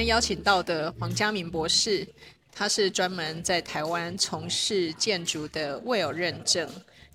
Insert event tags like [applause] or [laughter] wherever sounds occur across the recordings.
今天邀請到的黃家明博士，他是專門在台灣從事建築的 WELL 認證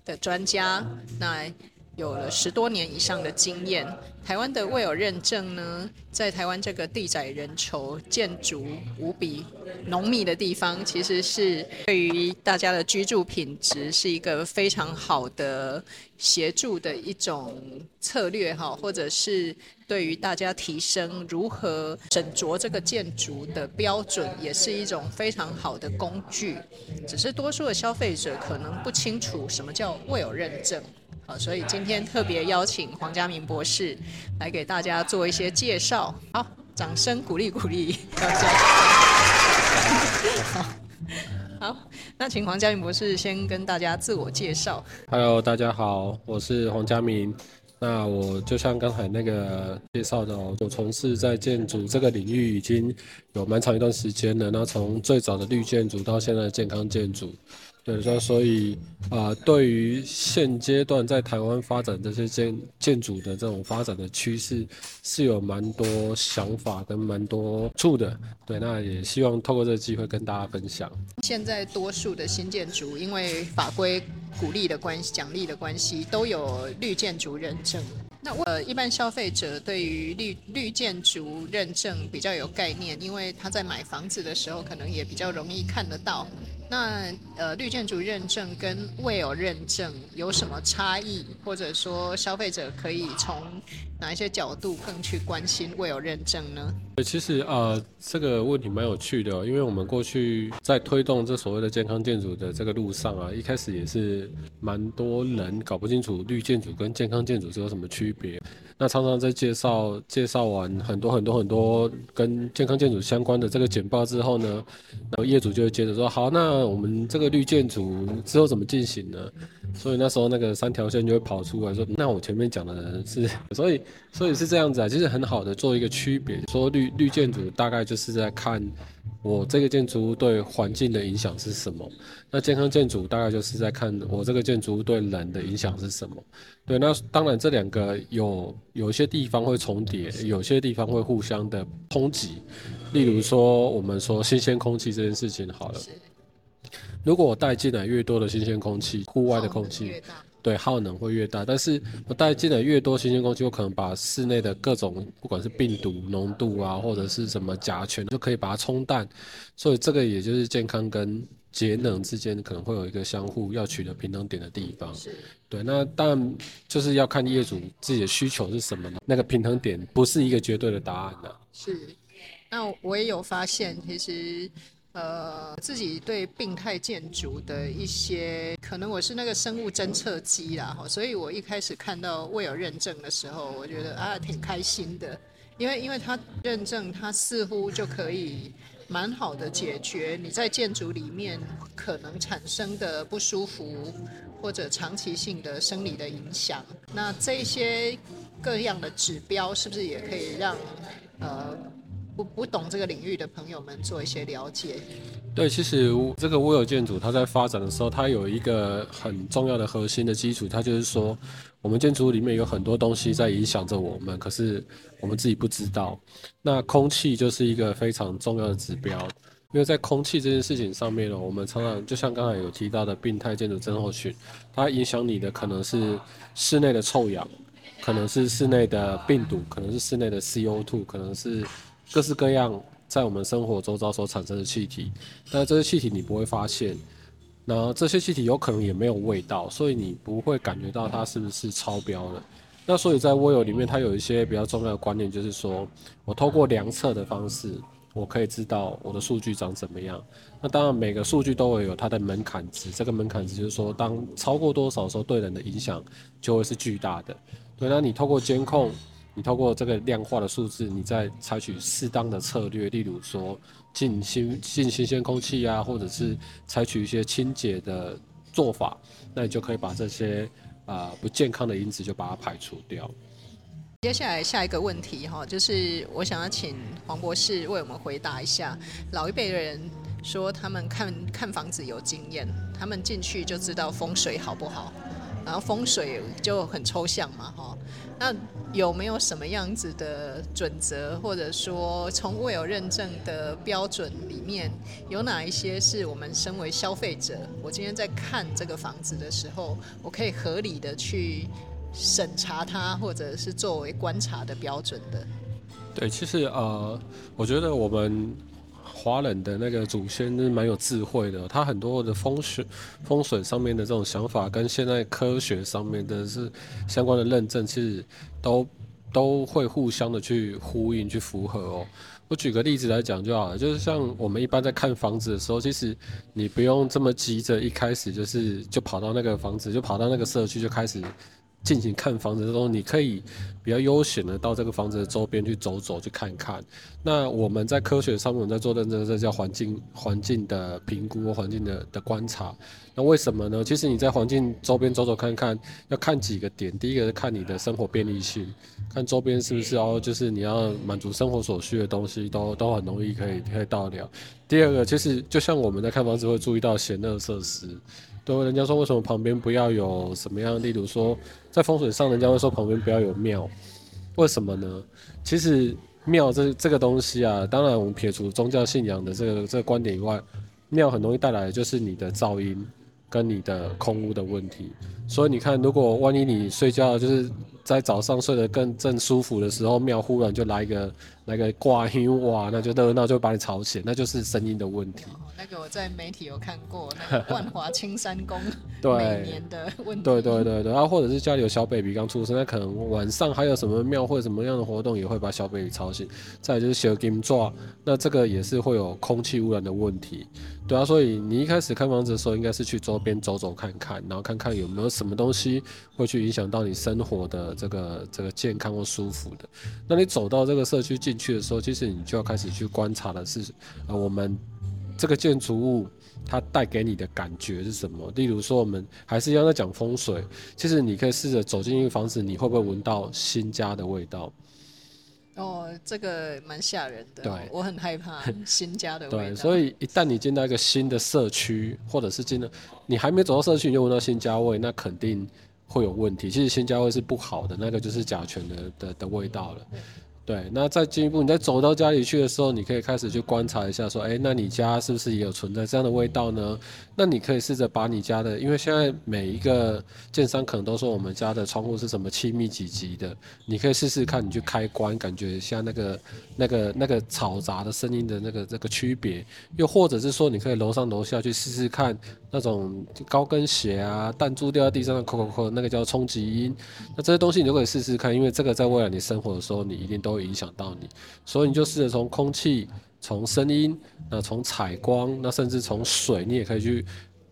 的專家，那、嗯。有了十多年以上的經驗，台灣的未有認證呢，在台灣這個地窄人稠、建築無比濃密的地方，其實是對於大家的居住品質是一個非常好的協助的一種策略，哈，或者是對於大家提升如何斟酌這個建築的標準，也是一種非常好的工具。只是多數的消費者可能不清楚什麼叫 WELL 認證。好、哦，所以今天特別邀請黃家明博士來給大家做一些介紹。好，掌聲鼓勵鼓勵。好， [laughs] 好，那請黃家明博士先跟大家自我介紹。Hello，大家好，我是黃家明。那我就像剛才那個介紹的哦，我從事在建築這個領域已經有蠻長一段時間了。那從最早的綠建築到現在的健康建築。所以說，所以啊、呃，對於現階段在台灣發展這些建建築的這種發展的趨勢，是有蠻多想法跟蠻多處的。對，那也希望透過這個機會跟大家分享。現在多數的新建築，因為法規鼓勵的關係、獎勵的關係，都有綠建築認證。那呃，一般消費者對於綠綠建築認證比較有概念，因為他在買房子的時候，可能也比較容易看得到。那呃，綠建築認證跟 WELL 認證有什麼差異？或者說，消費者可以從哪一些角度更去關心 WELL 認證呢？其實啊，呃，這個問題蠻有趣的哦，因為我們過去在推動這所謂的健康建築的這個路上啊，一開始也是蠻多人搞不清楚綠建築跟健康建築是有什麼區別。那常常在介紹介紹完很多很多很多跟健康建築相關的這個簡報之後呢，然後業主就會接着說：“好，那我們這個綠建築之後怎麼進行呢？”所以那時候那個三條線就會跑出來說：“那我前面講的是，所以所以是這樣子啊，其實很好的做一個區別，說綠綠建築大概就是在看我這個建築物對環境的影響是什麼，那健康建築大概就是在看我這個建築物對人的影響是什麼。對，那當然這兩個有有一些地方會重疊，有些地方會互相的通緝。例如說我們說新鮮空氣這件事情好了。”如果我帶進來越多的新鮮空氣，戶外的空氣對耗能會越大。但是我帶進來越多新鮮空氣，我可能把室內的各種不管是病毒濃度啊，或者是什麼甲醛，就可以把它沖淡。所以這個也就是健康跟節能之間可能會有一個相互要取得平衡點的地方。嗯、對，那當然就是要看業主自己的需求是什麼呢？那個平衡點不是一個絕對的答案的、啊。是，那我也有發現，其實。呃，自己對病態建築的一些，可能我是那個生物偵測機啦，所以我一開始看到 WELL 認證的時候，我覺得啊挺開心的，因為因為它認證，它似乎就可以蠻好的解決你在建築裡面可能產生的不舒服或者長期性的生理的影響。那這些各樣的指標，是不是也可以讓呃？不不懂這個領域的朋友們做一些了解。對，其實這個 WELL 建築它在發展的時候，它有一個很重要的核心的基礎，它就是說，我們建築裡面有很多東西在影響着我們，可是我們自己不知道。那空氣就是一個非常重要的指標，因為在空氣這件事情上面呢，我們常常就像剛才有提到的病態建築症候群，它影響你的可能是室內的臭氧，可能是室內的病毒，可能是室內的 CO2，可能是。各式各樣在我們生活周遭所產生的氣體，但這些氣體你不會發現，那這些氣體有可能也沒有味道，所以你不會感覺到它是不是超標的。那所以在 WELL 裡面，它有一些比較重要的觀念，就是說我透過量測的方式，我可以知道我的數據長怎麼樣。那當然每個數據都會有它的門檻值，這個門檻值就是說當超過多少時候，對人的影響就會是巨大的。所以那你透過監控。你透過這個量化的數字，你再採取適當的策略，例如說進新、進新鮮空氣啊，或者是採取一些清潔的做法，那你就可以把這些啊、呃、不健康的因子就把它排除掉。接下來下一個問題哈，就是我想要請黃博士為我們回答一下，嗯、老一輩的人說他們看看房子有經驗，他們進去就知道風水好不好。然後風水就很抽象嘛，哈，那有沒有什麼樣子的準則，或者說，從 WELL 認證的標準裡面，有哪一些是我們身為消費者，我今天在看這個房子的時候，我可以合理的去審查它，或者是作為觀察的標準的？對，其實呃，我覺得我們。華人的那個祖先是蠻有智慧的哦，他很多的風水風水上面的這種想法，跟現在科學上面的是相關的認證，其實都都會互相的去呼應、去符合哦。我舉個例子來講就好了，就是像我們一般在看房子的時候，其實你不用這麼急着一開始就是就跑到那個房子，就跑到那個社區就開始。進行看房子的時候，你可以比較悠閒的到這個房子的周邊去走走，去看看。那我們在科學上面我們在做認證，這叫環境環境的評估，環境的的觀察。那為什麼呢？其實你在環境周邊走走看看，要看幾個點。第一個是看你的生活便利性，看周邊是不是哦，就是你要滿足生活所需的東西都都很容易可以可以到了。第二個，其實就像我們在看房子會注意到閒樂設施。對，人家說為什麼旁邊不要有什麼樣的？例如說，在風水上，人家會說旁邊不要有廟，為什麼呢？其實廟這這個東西啊，當然我們撇除宗教信仰的這個這個觀點以外，廟很容易帶來的就是你的噪音跟你的空污的問題。所以你看，如果萬一你睡覺就是在早上睡得更正舒服的時候，廟忽然就來一個。那個掛音哇，那就那就會把你吵醒，那就是聲音的問題。那個我在媒體有看過，那個萬華青山宮 [laughs] 每年的問題。對對對對啊，或者是家裡有小 baby 剛出生，那可能晚上還有什麼廟會什麼樣的活動也會把小 baby 吵醒。再就是燒金紙，那這個也是會有空氣污染的問題。對啊，所以你一開始看房子的時候，應該是去週邊走走看看，然後看看有沒有什麼東西會去影響到你生活的這個這個健康或舒服的。那你走到這個社區進去的時候，其實你就要開始去觀察的是，呃，我們這個建築物它帶給你的感覺是什麼？例如說，我們還是一樣在講風水，其實你可以試着走進一個房子，你會不會聞到新家的味道？哦，這個蠻嚇人的，對，我很害怕新家的味道。 [laughs] 對，所以一旦你進到一個新的社區，或者是進到你還沒走到社區，你就聞到新家味，那肯定會有問題。其實新家味是不好的，那個就是甲醛的的的味道了。嗯嗯。對，那再進一步，你在走到家裡去的時候，你可以開始去觀察一下，說，哎，那你家是不是也有存在這樣的味道呢？那你可以試着把你家的，因為現在每一個建商可能都說我們家的窗戶是什麼氣密幾級的，你可以試試看，你去開關，感覺像那個、那個、那個吵雜的聲音的那個這、那個區別，又或者是說，你可以樓上樓下去試試看。那種高跟鞋啊，彈珠掉在地上的“扣扣扣”，那個叫衝擊音。那這些東西你都可以試試看，因為這個在未來你生活的時候，你一定都會影響到你。所以你就試着從空氣、從聲音、那從採光、那甚至從水，你也可以去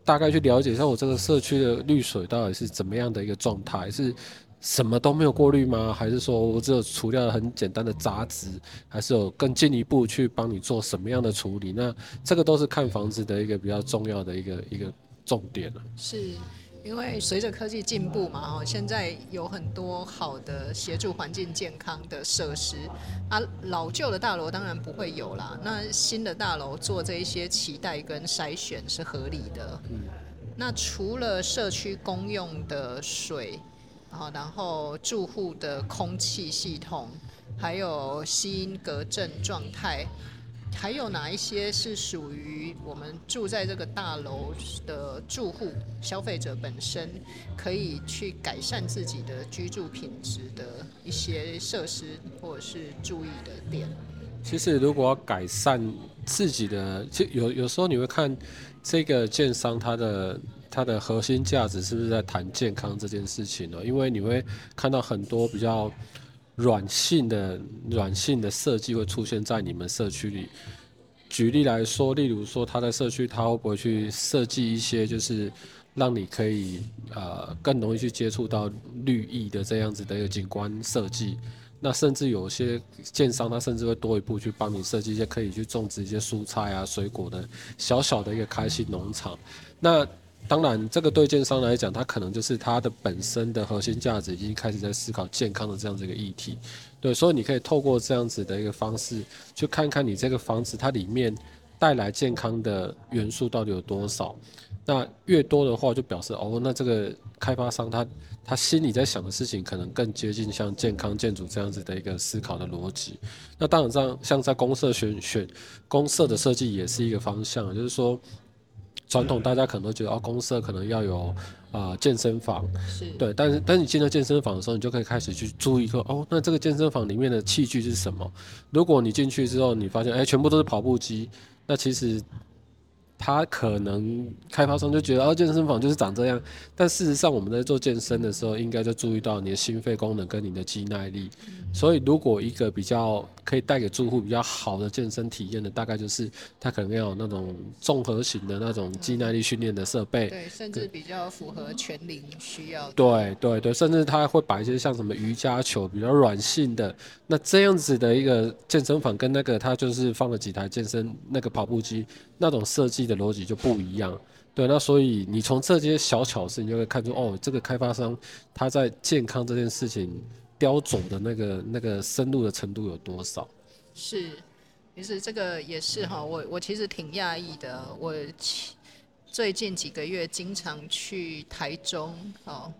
大概去了解一下我這個社區的綠水到底是怎麼樣的一個狀態是。什麼都沒有過濾嗎？還是說我只有除掉很簡單的雜質？還是有更進一步去幫你做什麼樣的處理？那這個都是看房子的一個比較重要的一個一個重點了、啊。是，因為隨着科技進步嘛，哦，現在有很多好的協助環境健康的設施啊，老舊的大樓當然不會有啦。那新的大樓做這一些期待跟篩選是合理的。嗯，那除了社區公用的水。好，然後住戶的空氣系統，還有吸音隔震狀態，還有哪一些是屬於我們住在這個大樓的住戶消費者本身可以去改善自己的居住品質的一些設施或者是注意的點？其實如果要改善自己的，就有有時候你會看這個建商他的。它的核心價值是不是在談健康這件事情呢？因為你會看到很多比較軟性的、軟性的設計會出現在你們社區裡。舉例來說，例如說，他在社區，他會不會去設計一些，就是讓你可以呃更容易去接觸到綠意的這樣子的一個景觀設計？那甚至有些建商，他甚至會多一步去幫你設計一些可以去種植一些蔬菜啊、水果的小小的一個開心農場。那當然，這個對建商來講，它可能就是它的本身的核心價值已經開始在思考健康的這樣子一個議題。對，所以你可以透過這樣子的一個方式，去看看你這個房子它裡面帶來健康的元素到底有多少。那越多的話，就表示哦，那這個開發商他他心裡在想的事情，可能更接近像健康建築這樣子的一個思考的邏輯。那當然，這樣像在公設選選公設的設計，也是一個方向，就是說。傳統大家可能都覺得哦，公設可能要有啊、呃、健身房，對，但是當你進了健身房的時候，你就可以開始去注意說哦，那這個健身房裡面的器具是什麼？如果你進去之後，你發現哎，全部都是跑步機，那其實。他可能開發商就覺得哦，健身房就是長這樣，但事實上我們在做健身的時候，應該就注意到你的心肺功能跟你的肌耐力。嗯。所以如果一個比較可以帶給住戶比較好的健身體驗的，大概就是他可能要有那種綜合型的那種肌耐力訓練的設備，嗯，對，甚至比較符合全齡需要。對對對，甚至他會擺一些像什麼瑜伽球比較軟性的，那這樣子的一個健身房跟那個他就是放了幾台健身那個跑步機那種設計的邏輯就不一樣，對，那所以你從這些小巧思，你就會看出哦，這個開發商他在健康這件事情雕琢的那個那個深入的程度有多少？是，其實這個也是哈、喔，我我其實挺訝異的、喔。我最近幾個月經常去台中哦、喔，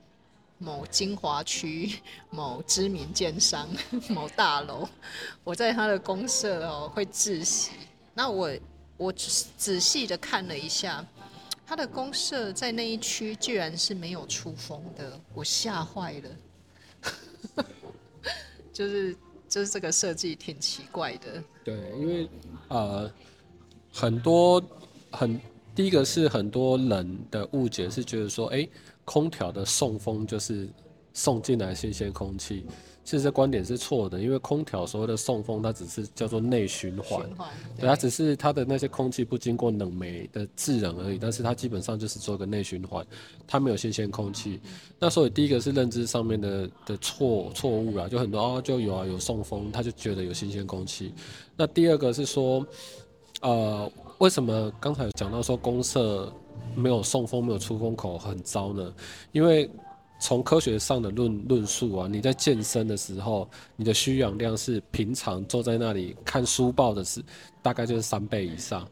某精華區某知名建商某大樓，我在他的公社哦、喔、會窒息。那我。我仔細的看了一下，他的公社在那一區居然是沒有出風的，我嚇壞了。 [laughs] 就是就是這個設計挺奇怪的。對，因為呃，很多很第一個是很多人的誤解是覺得說，哎，空調的送風就是送進來新鮮空氣。其實這觀點是錯的，因為空調所謂的送風，它只是叫做內循環，循環對，它只是它的那些空氣不經過冷媒的制冷而已，但是它基本上就是做一個內循環，它沒有新鮮空氣。那所以第一個是認知上面的的錯錯誤啊，就很多啊，就有啊有送風，他就覺得有新鮮空氣。那第二個是說，呃，為什麼剛才有講到說公廁沒有送風、沒有出風口很糟呢？因為從科學上的論論述，啊，你在健身的時候，你的需氧量是平常坐在那裡看書報的時，大概就是三倍以上。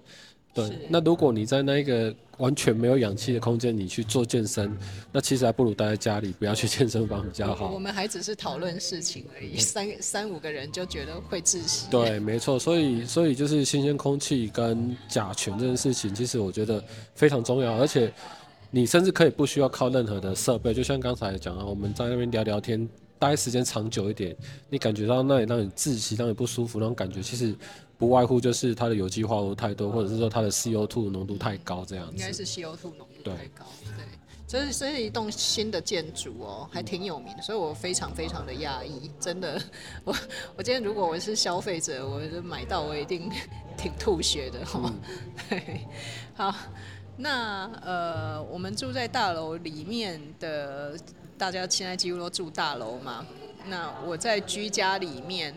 嗯、對，那如果你在那一個完全沒有氧氣的空間，你去做健身，那其實還不如待在家裡，不要去健身房比較好。我們還只是討論事情而已，三三五個人就覺得會窒息、欸。對，沒錯。所以，所以就是新鮮空氣跟甲醛這件事情，其實我覺得非常重要，而且。你甚至可以不需要靠任何的設備，就像剛才講啊，我們在那邊聊聊天，待時間長久一點，你感覺到那裡讓你窒息、讓你不舒服那種感覺，其實不外乎就是它的有機化合物太多、啊，或者是說它的 CO2 濃度太高這樣子。應該是 CO2 濃度太高。對，這是這是一棟新的建築哦、喔，還挺有名的，所以我非常非常的壓抑，真的。我我今天如果我是消費者，我就買到我一定挺吐血的哈、喔嗯。對，好。那呃，我們住在大樓裡面的，大家現在幾乎都住大樓嘛。那我在居家裡面，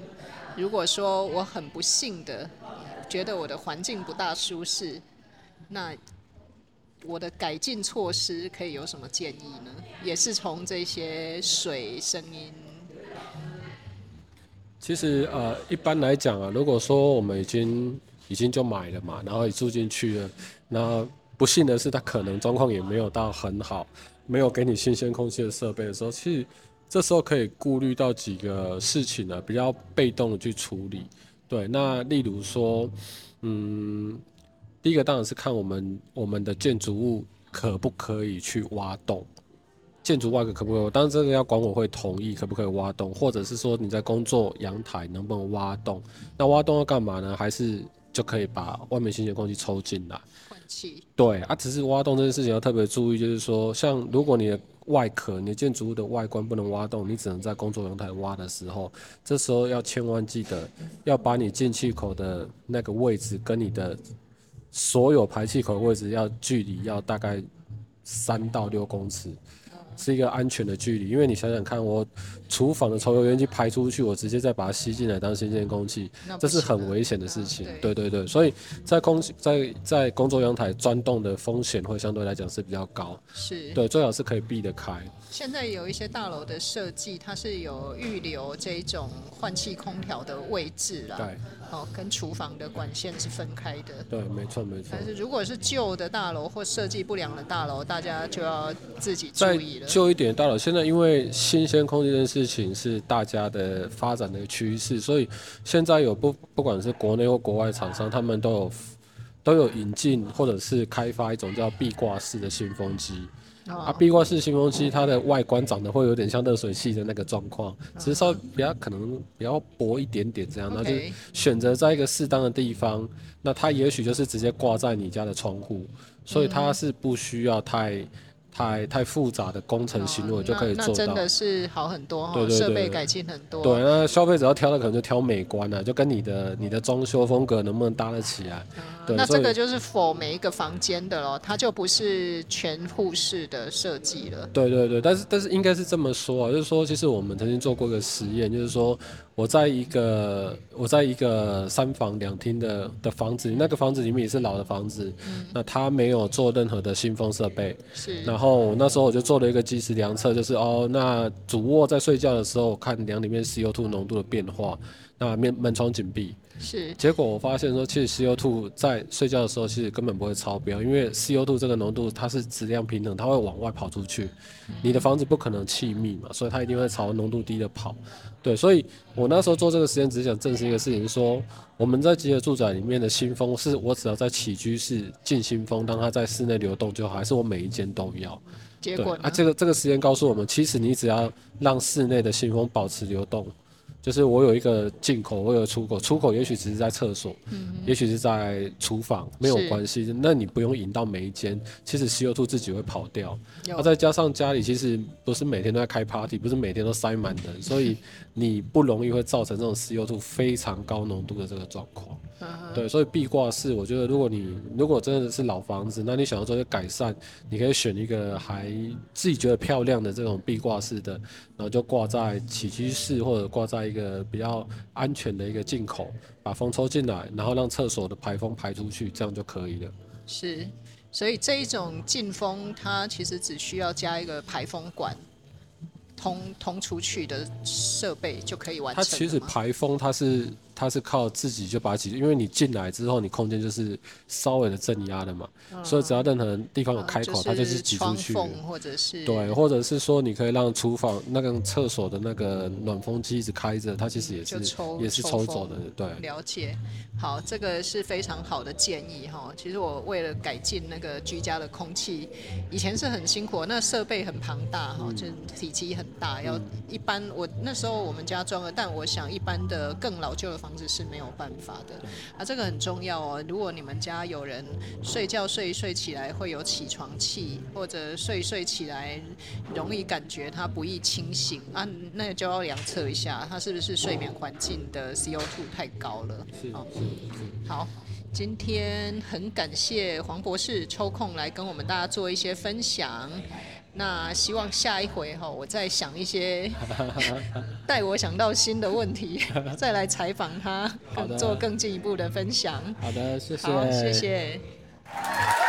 如果說我很不幸的，覺得我的環境不大舒適，那我的改進措施可以有什麼建議呢？也是從這些水聲音。其實呃，一般來講啊，如果說我們已經已經就買了嘛，然後也住進去了，那不幸的是，他可能狀況也沒有到很好，沒有給你新鮮空氣的設備的時候，其實這時候可以顧慮到幾個事情呢，啊，比較被動的去處理。對，那例如說，嗯，第一個當然是看我們我們的建築物可不可以去挖洞，建築外殼可不可以？當然這個要管委會同意，可不可以挖洞？或者是說你在工作陽台能不能挖洞？那挖洞要幹嘛呢？還是就可以把外面新鮮空氣抽進來。對啊，只是挖洞這件事情要特別注意，就是說，像如果你的外殼，你的建築物的外觀不能挖洞，你只能在工作陽台挖的時候，這時候要千萬記得要把你進氣口的那個位置跟你的所有排氣口位置要距離要大概三到六公尺。是一個安全的距離，因為你想想看，我廚房的抽油煙機排出去，我直接再把它吸進來當新鮮空氣，這是很危險的事情。啊，對。對對對，所以在空在在工作陽台鑽洞的風險會相對來講是比較高。是對，最好是可以避得開。現在有一些大樓的設計，它是有預留這種換氣空調的位置啦。對。哦，跟廚房的管線是分開的。對，沒錯，沒錯。但是如果是舊的大樓或設計不良的大樓，大家就要自己注意了。舊一點大樓，現在因為新鮮空氣這件事情是大家的發展的趨勢，所以現在有不不管是國內或國外廠商，他們都有都有引進或者是開發一種叫壁掛式的新風機。啊，啊，壁掛式新風機它的外觀長得會有點像熱水器的那個狀況、嗯，只是稍微比較可能比較薄一點點這樣，那、嗯、就選擇在一個適當的地方，嗯、那它也許就是直接掛在你家的窗戶，所以它是不需要太、嗯。太太複雜的工程行為就可以做到。哦那，那真的是好很多哈。哦，設備改進很多。對，那消費者要挑的可能就挑美觀了。啊，就跟你的你的裝修風格能不能搭得起來。嗯啊、對，那這個就是 for 每一個房間的嘍，它就不是全戶式的設計了。對對對，但是但是應該是這麼說啊，就是說，其實我們曾經做過一個實驗，就是說。我在一個我在一個三房兩廳的的房子，那個房子裡面也是老的房子，那它沒有做任何的新風設備。是，然後那時候我就做了一個即時量測，就是哦，那主臥在睡覺的時候，我看量裡面 CO2 濃度的變化，那面門窗緊閉。是，結果我發現說，其實 CO2 在睡覺的時候其實根本不會超標，因為 CO2 這個濃度它是質量平衡，它會往外跑出去。嗯、你的房子不可能氣密嘛，所以它一定會朝濃度低的跑。對，所以我那時候做這個實驗，只是想證實一個事情，嗯就是、說我們在集合住宅裡面的新風，是我只要在起居室進新風，當它在室內流動就好，還是我每一間都要？結果呢，啊、這個，這個這個實驗告訴我們，其實你只要讓室內的新風保持流動。就是我有一個進口，我有個出口。出口也許只是在廁所，嗯，也許是在廚房，沒有關係。那你不用引到每一間，其實 CO2 自己會跑掉。那、啊、再加上家裡其實不是每天都在開 party，不是每天都塞滿人，所以你不容易會造成這種 CO2 非常高濃度的這個狀況、啊。對，所以壁掛式，我覺得如果你如果真的是老房子，那你想要做一個改善，你可以選一個還自己覺得漂亮的這種壁掛式的，然後就掛在起居室或者掛在。一個比較安全的一個進口，把風抽進來，然後讓廁所的排風排出去，這樣就可以了。是，所以這一種進風，它其實只需要加一個排風管，通通出去的設備就可以完成。它其實排風，它是。它是靠自己就把它擠，因為你進來之後，你空間就是稍微的正壓的嘛，哦，所以只要任何地方有開口，呃就是、它就是擠出去。或者是對，或者是說你可以讓廚房那個廁所的那個暖風機一直開着，它其實也是、嗯、也是抽走的抽，對。了解，好，這個是非常好的建議哈。其實我為了改進那個居家的空氣，以前是很辛苦，那設備很龐大哈，就是、體積很大、嗯，要一般我那時候我們家裝了，但我想一般的更老舊的。房子是沒有辦法的，啊，這個很重要哦。如果你們家有人睡覺睡一睡起來會有起床氣，或者睡一睡起來容易感覺他不易清醒啊，那就要量測一下他是不是睡眠環境的 CO2 太高了。是，是，是，好，今天很感謝黃博士抽空來跟我們大家做一些分享。那希望下一回哈、喔，我再想一些 [laughs] 帶我想到新的問題， [laughs] 再來採訪他，做更進一步的分享。好的，謝謝。好，謝謝。